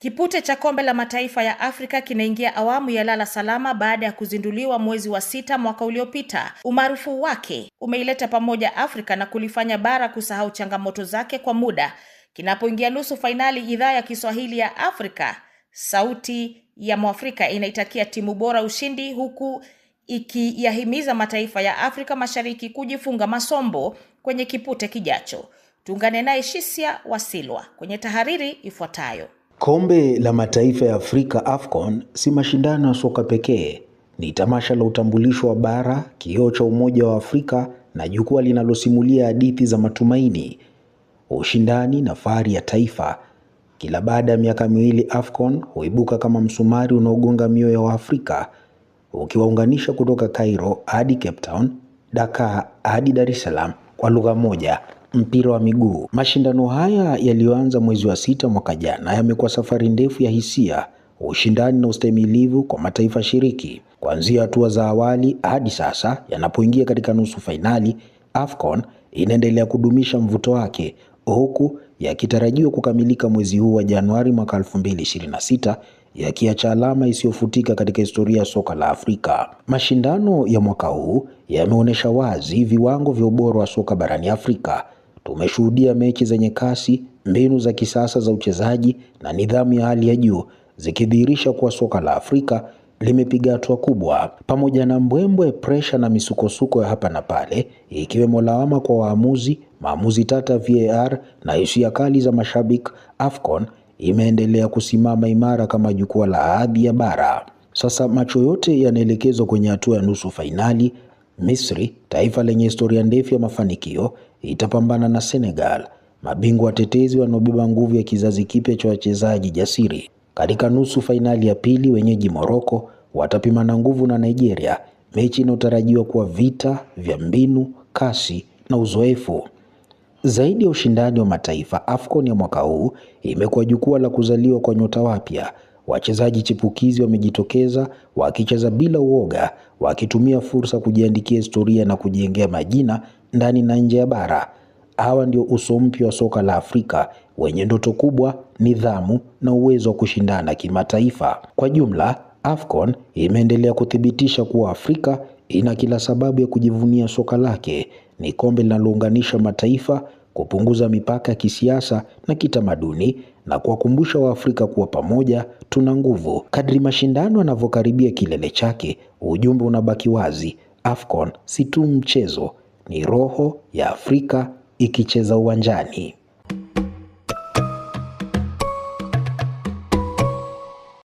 Kipute cha kombe la mataifa ya Afrika kinaingia awamu ya lala salama baada ya kuzinduliwa mwezi wa sita mwaka uliopita. Umaarufu wake umeileta pamoja Afrika na kulifanya bara kusahau changamoto zake kwa muda. Kinapoingia nusu fainali, idhaa ya Kiswahili ya Afrika, sauti ya Mwafrika, inaitakia timu bora ushindi, huku ikiyahimiza mataifa ya Afrika Mashariki kujifunga masombo kwenye kipute kijacho. Tuungane naye Shisia Wasilwa kwenye tahariri ifuatayo. Kombe la mataifa ya Afrika AFCON si mashindano ya soka pekee, ni tamasha la utambulisho wa bara, kioo cha umoja wa Afrika na jukwaa linalosimulia hadithi za matumaini, ushindani na fahari ya taifa. Kila baada ya miaka miwili, AFCON huibuka kama msumari unaogonga mioyo wa Afrika, ukiwaunganisha kutoka Cairo hadi Cape Town, Dakar hadi Dar es Salaam kwa lugha moja mpira wa miguu. Mashindano haya yaliyoanza mwezi wa sita mwaka jana yamekuwa safari ndefu ya hisia, ushindani na ustahimilivu kwa mataifa shiriki, kuanzia hatua za awali hadi sasa yanapoingia katika nusu fainali. AFCON inaendelea kudumisha mvuto wake huku yakitarajiwa kukamilika mwezi huu wa Januari mwaka 2026 yakiacha alama isiyofutika katika historia ya soka la Afrika. Mashindano ya mwaka huu yameonyesha wazi viwango vya ubora wa soka barani Afrika Tumeshuhudia mechi zenye kasi, mbinu za kisasa za uchezaji na nidhamu ya hali ya juu zikidhihirisha kuwa soka la Afrika limepiga hatua kubwa, pamoja na mbwembwe, presha na misukosuko ya hapa na pale, ikiwemo lawama kwa waamuzi, maamuzi tata VAR na hisia kali za mashabiki. AFCON imeendelea kusimama imara kama jukwaa la hadhi ya bara. Sasa macho yote yanaelekezwa kwenye hatua ya nusu fainali Misri, taifa lenye historia ndefu ya mafanikio, itapambana na Senegal, mabingwa watetezi wanaobeba nguvu ya kizazi kipya cha wachezaji jasiri. Katika nusu fainali ya pili, wenyeji Moroko watapimana nguvu na Nigeria, mechi inayotarajiwa kuwa vita vya mbinu, kasi na uzoefu. Zaidi ya ushindani wa mataifa, AFCON ya mwaka huu imekuwa jukwaa la kuzaliwa kwa nyota wapya, Wachezaji chipukizi wamejitokeza wakicheza bila uoga, wakitumia fursa kujiandikia historia na kujengea majina ndani na nje ya bara. Hawa ndio uso mpya wa soka la Afrika wenye ndoto kubwa, nidhamu na uwezo wa kushindana kimataifa. Kwa jumla, AFCON imeendelea kuthibitisha kuwa Afrika ina kila sababu ya kujivunia soka lake. Ni kombe linalounganisha mataifa, kupunguza mipaka ya kisiasa na kitamaduni na kuwakumbusha Waafrika kuwa pamoja tuna nguvu. Kadri mashindano yanavyokaribia kilele chake, ujumbe unabaki wazi: AFCON si tu mchezo, ni roho ya Afrika ikicheza uwanjani.